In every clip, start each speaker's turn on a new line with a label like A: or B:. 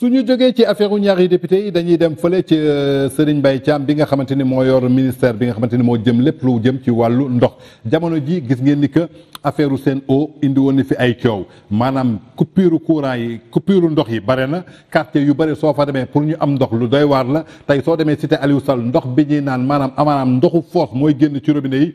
A: su ñu jógee ci affaire ñaari député yi dañuy dem fële ci euh, Serigne bay Thiam bi nga xamante ni moo yor ministère bi nga xamante ni moo jëm lépp lu jëm ci wàllu ndox jamono ji gis ngeen ni que affaire Sen'Eau indi woon na fi ay coow maanaam kuppiiru courant yi coupure ndox yi bare na quartier yu bare soo fa demee pour ñu am ndox lu doy waar la tey soo demee cité Aliou Sall ndox bi ñuy naan maanaam amaanaam ndoxu foos mooy génn ci robinet yi.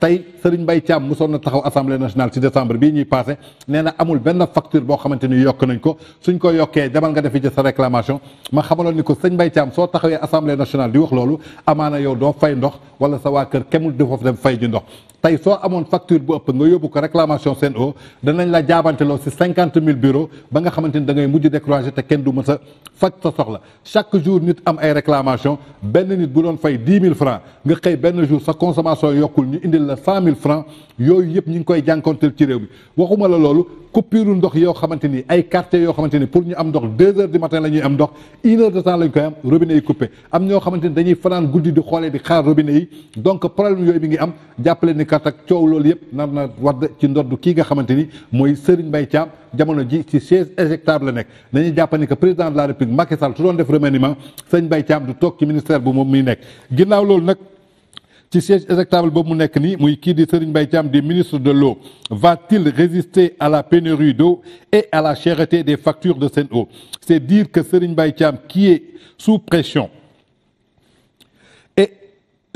A: tey Serigne Mbaye Thiam mosoon na taxaw assemblée nationale ci décembre bii ñuy passé nee na amul benn facture boo xamante ni yokk nañ ko suñ ko yokkee demal nga defi ci sa réclamation ma xamaloon ni ko sëñ Mbaye Thiam soo taxawee assemblée nationale di wax loolu amaana yow doo fay ndox wala sa waa kër kemul di foofu dem fay ji ndox tey soo amoon facture bu ëpp nga yóbbu ko réclamation Sen'Eau danañ la jaabanteloo si cinquante mille bureaux ba nga xamante ni dangay mujj découragé te kenn du mës a faj sa soxla chaque jour nit am ay réclamation benn nit bu doon fay dix mille francs nga xëy benn jour sa consommation yokkul ñu indi la cent mille francs yooyu yëpp ñu ngi koy jànkonteel ci réew mi waxuma la loolu coupure ndox yoo xamante ni ay quartiers yoo xamante ni pour ñu am ndox deux heures du matin la ñuy am ndox une heure de temps la koy am robinet yi coupé am ñoo xamante dañuy fanaan guddi di xoolee di xaar robinet yi donc problème yooyu mi ngi am jàppale ni kat ak coow loolu yëpp nar na wadd ci ndodd kii nga xamante ni mooy Serigne Mbaye Thiam jamono ji ci chaise éjectable la nekk nañuy jàpp ni que président la république Macky Sall su doon def remaniement Serigne Mbaye ministère bu moom muy nekk ginnaaw loolu Si siège exactable boobu di Serigne ministre de l'eau va-t-il résister à la pénurie d'eau et à la cherté des factures de eau c'est dire que Serigne Mbaye qui est sous pression et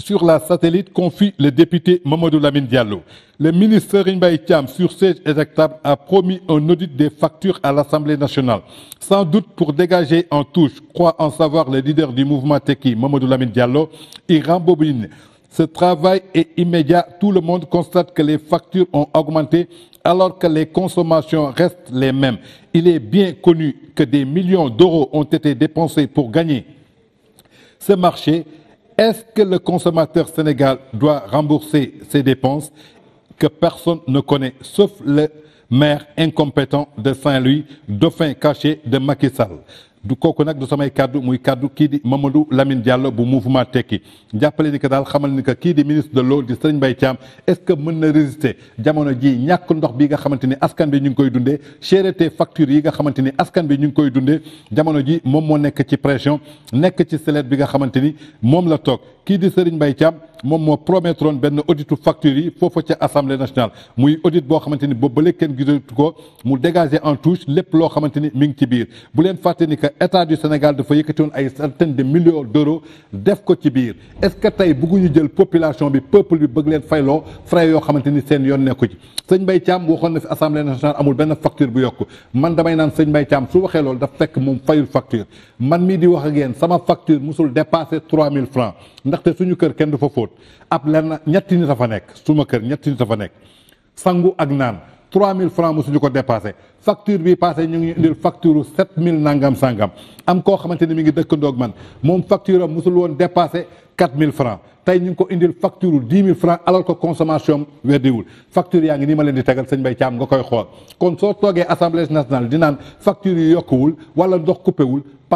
A: sur la satellite confie le député Mamadou Lamine Diallo le ministre Serigne Baïtiam, sur siège exactable, a promis un audit des factures à l'Assemblée nationale sans doute pour dégager en touche croit en savoir le leader du mouvement Teki, Mamadou Lamine Diallo il rembobine ce travail est immédiat. Tout le monde constate que les factures ont augmenté alors que les consommations restent les mêmes. Il est bien connu que des millions d'euros ont été dépensés pour gagner ce marché. Est-ce que le consommateur sénégal doit rembourser ses dépenses que personne ne connaît, sauf le maire incompétent de Saint-Louis, dauphin caché de Macky Sall du koku nak du samay kaddu muy kaddu kii di Mamadou Lamine Diallo bu mouvement tekki jàppale ni ka dal xamal ni ka kii di ministre de l'eau di Serigne Mbaye Thiam est-ce que mën na résister jamono ji ñak ndox bi nga xamanteni askan bi ñu ngi koy dundé cherté facture yi nga xamanteni askan bi ñu koy dundé jamono ji mom mo nekk ci pression nekk ci salaire bi nga xamanteni mom la tok kii di Serigne Mbaye Thiam mom mo promettrone ben benn facture fofu ci assemblée nationale muy audit bo xamanteni ni boobu ken léegi ko mu dégager en touche lepp lo xamanteni ming ci bir bu len fàtte ni que état du Sénégal dafa yëkkati won ay centaines de millions d'euros def ko ci bir est-ce que tay tey ñu jël population bi peuple bi bëgg len faylo frais yo xamanteni sen yon neeku ci seigne mbay cham waxon na fi assemblée nationale amul ben facture bu yokk man damay naan seigne mbay cham su waxé lol daf fekk mom fayul facture man mi di wax ak yeen sama facture musul dépasser 3000 mille francs ndaxte suñu kër kenn du fa fóot ab lenn ñett nit a fa nekk suma kër ñett nit a fa nekk sangu ak naan 3000 francs mosuñu ko dépassé facture bi passé ñu ngi ñu indil facture 7000 nangam sangam am koo xamante ni mi ngi dëkkandoog man moom facture am mosul woon dépassé 4000 francs tey ñu ngi ko indil facture 10000 francs alors que consommation weddiwul facture yaa ngi nii ma leen di tegal sañ Mbaye Thiam nga koy xool kon soo toogee assemblée nationale di naan facture yi yokkuwul wala ndox coupé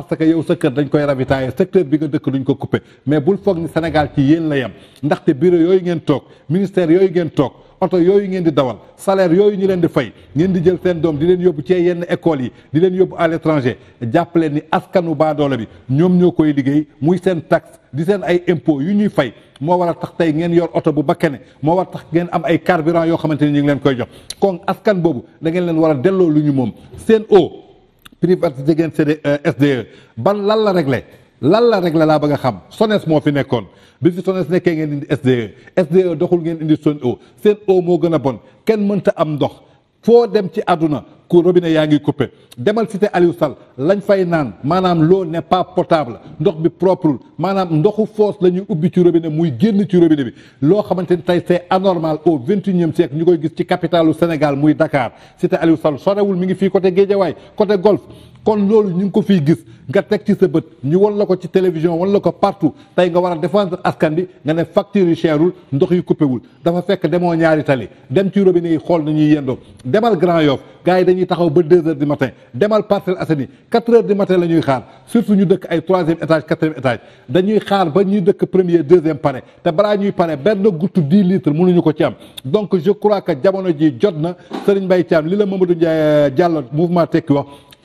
A: parce que yow sa kër dañ koy ravitailler secteur bi nga dëkk duñ ko couper mais bul foog ni Sénégal ci yéen la yem ndaxte bureau yooyu ngeen toog ministère yooyu ngeen toog oto yooyu ngeen di dawal salaire yooyu ñu leen di fay ngeen di jël seen doom di leen yóbbu ci yenn écoles yi di leen yóbbu à l'étranger jàppaleen ni askanu baadoole bi ñoom ñoo koy liggéey muy seen taxe di seen ay impôts yu ñuy fay moo war a tax tey ngeen yor oto bu bakkane moo war a tax ngeen am ay carburant yoo xamante ni ñu ngi koy jox kon askan boobu da leen war a delloo lu ñu moom seen eau privatisé ngeen SDE euh, e. ban lan la réglé lan la réglé laa bëgg nga xam SONES moo fi nekkoon bi fi SONES nekkee ngeen indi SDE SDE doxul ngeen indi seen eau seen eau moo gën a bon kenn mënta am ndox foo dem ci àdduna ku robinet yaa ngi coupé demal cité Aliou Sall lañ fay nan manam l'eau n'est pas potable ndox bi propre manam ndoxu force lañu ñuy ubbi ci robinet muy génn ci robinet bi lo xamanteni tay c'est anormal au 21e siècle ñu koy gis ci capitalu Sénégal muy Dakar cité Aliou Sall sorewul mi ngi fi côté Guédiawaye côté Golf kon lolu ñu ngi ko fi gis nga tek ci sa beut ñu won la ko ci télévision won la ko partout tay nga war a défendre askan bi nga ne facture yi cherul ndox yu coupé wul dafa fekk demo ñaari tali dem ci robinet yi xool nañuy yendoo demal Grand Yoff gaay yi dañuy taxaw ba deux heures du matin demal assani 4 heures du matin la xaar surtout ñu dëkk ay troisième étage quatrième étage dañuy xaar ba dëkk premier deuxième paris, te ñuy guttu 10 litres ko ci am donc je crois que jamono ji Serigne Mbaye Thiam li euh, mouvement tekki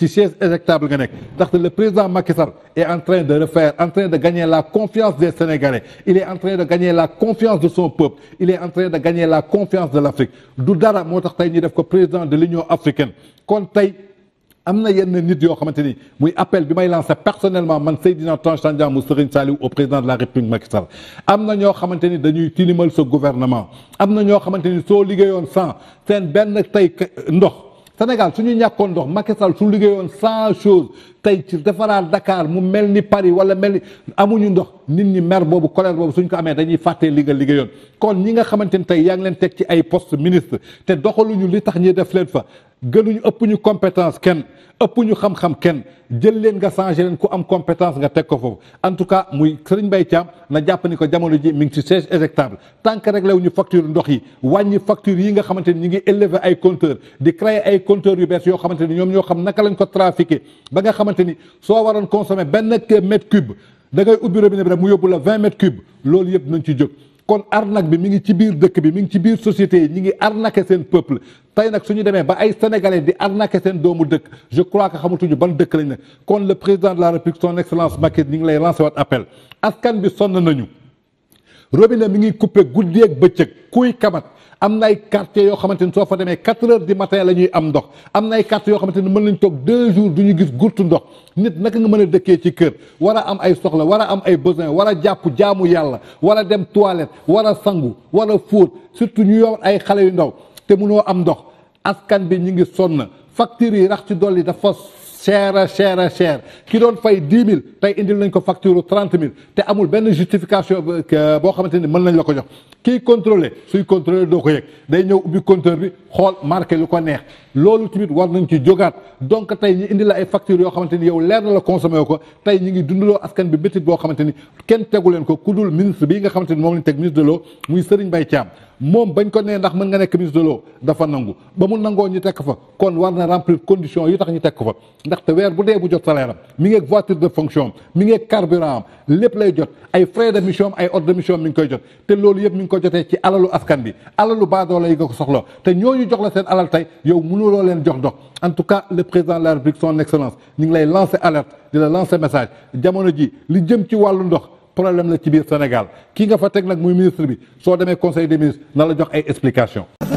A: ci siège éjectable nga nekk le président Macky Sall est en train de refaire en train de gagner la confiance des Sénégalais il est en train de gagner la confiance de son peuple il est en train de gagner la confiance de l'Afrique du dara moo tax tey def ko président de l'Union africaine kon tay amna yenn nit yo xamanteni muy appel bi may lancer personnellement man Seydina Tange Serigne Saliou au président de la République Macky Sall am na ñoo dañuy tilimal ce gouvernement amna ño xamanteni so ni sans sen pas tay ndox Sénégal su ñu ñàkkoon ndox Macky Sall su liggéeyoon cent choses tey ci defaraat dakaar mu mel ni Paris wala mel ni amuñu ndox nit ñi mer boobu colère boobu suñ ko amee dañuy fàttee li nga liggéeyoon kon ñi nga xamante ni tey yaa ngi leen teg ci ay post ministre te doxaluñu li tax ñi def leen fa gënuñu ëpp ñu compétence kenn ëpp ñu xam-xam kenn jël leen nga changé leen ku am compétence nga teg ko foofu en tout cas muy Serigne Mbaye Thiam na jàpp ni ko jamono ji mi ngi ci siège éjectable tant que réglé wu ñu facture ndox yi wàññi facture yi nga xamante ni ñu ngi élever ay compteur di créer ay compteurs yu bees yoo xamante ni ñoom ñoo xam naka lañ ko trafiqué ba nga xamante ni soo waroon consommer benn mètre cube da ngay ubbi robinet bi rek mu yóbbu la vingt mètres cube loolu yëpp nañ ci jóg kon arnaque bi mi ngi ci biir dëkk bi mi ngi ci biir société yi ñi ngi arnaquer seen peuple tey nag suñu demee ba ay sénégalais di arnaquer seen doomu dëkk je crois que xamatuñu ban dëkk lañ ne kon le président de la république son excellence marketing ñi ngi lay lancé waat appel askan bi sonn nañu robinet mi ngi coupé guddi ak bëccëg kuy kamat am na ay quartiers yoo xamante ni soo fa demee quatre heures du matin la ñuy am ndox am na ay quartiers yoo xamante ni mën nañ toog deux jours du ñu gis gurtu ndox nit naka nga mën a dëkkee ci kër war a am ay soxla war a am ay besoin war a jàpp jaamu yàlla war a dem toilette war a sangu war a fóot surtout ñu yor ay xale yu ndaw te mënoo am ndox askan bi ñu ngi sonn factures yi rax ci dolli dafa cher a cher a cher ki doon fay dix mille tey indil nañ ko facture trente mille te amul benn justification euh, boo xamante ni mën nañ la ko jox kii contrôlé suy contrôlé doo ko yëg day ñëw ubbi compteur bi xool marqué lu ko neex loolu tamit war nañ ci jógaat donc tey ñu indi la ay facture yoo xamante ni yow leer na la consommé ko tey ñu ngi dundaloo askan bi métit boo xamante ni kenn tegu leen ko ku dul ministre bii nga xamante ni moom lañ teg ministre de l'eau muy Serigne Mbaye mom bañ ko nee ndax mën nga nekk ministre de l'eau dafa nangu ba mu nangoo ñu tek fa kon war na remplir condition yu tax ñu tekk fa ndax te wer bu dee bu jot salaire mi ngi voiture de fonction mi ngi carburant am lépp lay jot ay frais de mission ay ordre de mission mi ngi koy jot te loolu yëpp mi ngi ko jotee ci alalu askan bi alalu baadoola yi nga ko soxlo te ñooñu jox la seen alal tey yow mënuloo leen jox dox en tout cas le président de la république son excellence ñu ngi lay lancer alerte di la lancer message jamono ji li jëm ci wàllu ndox problème la ci biir Sénégal kii nga fa teg nag muy ministre bi soo demee conseil de ministres na la jox ay explications.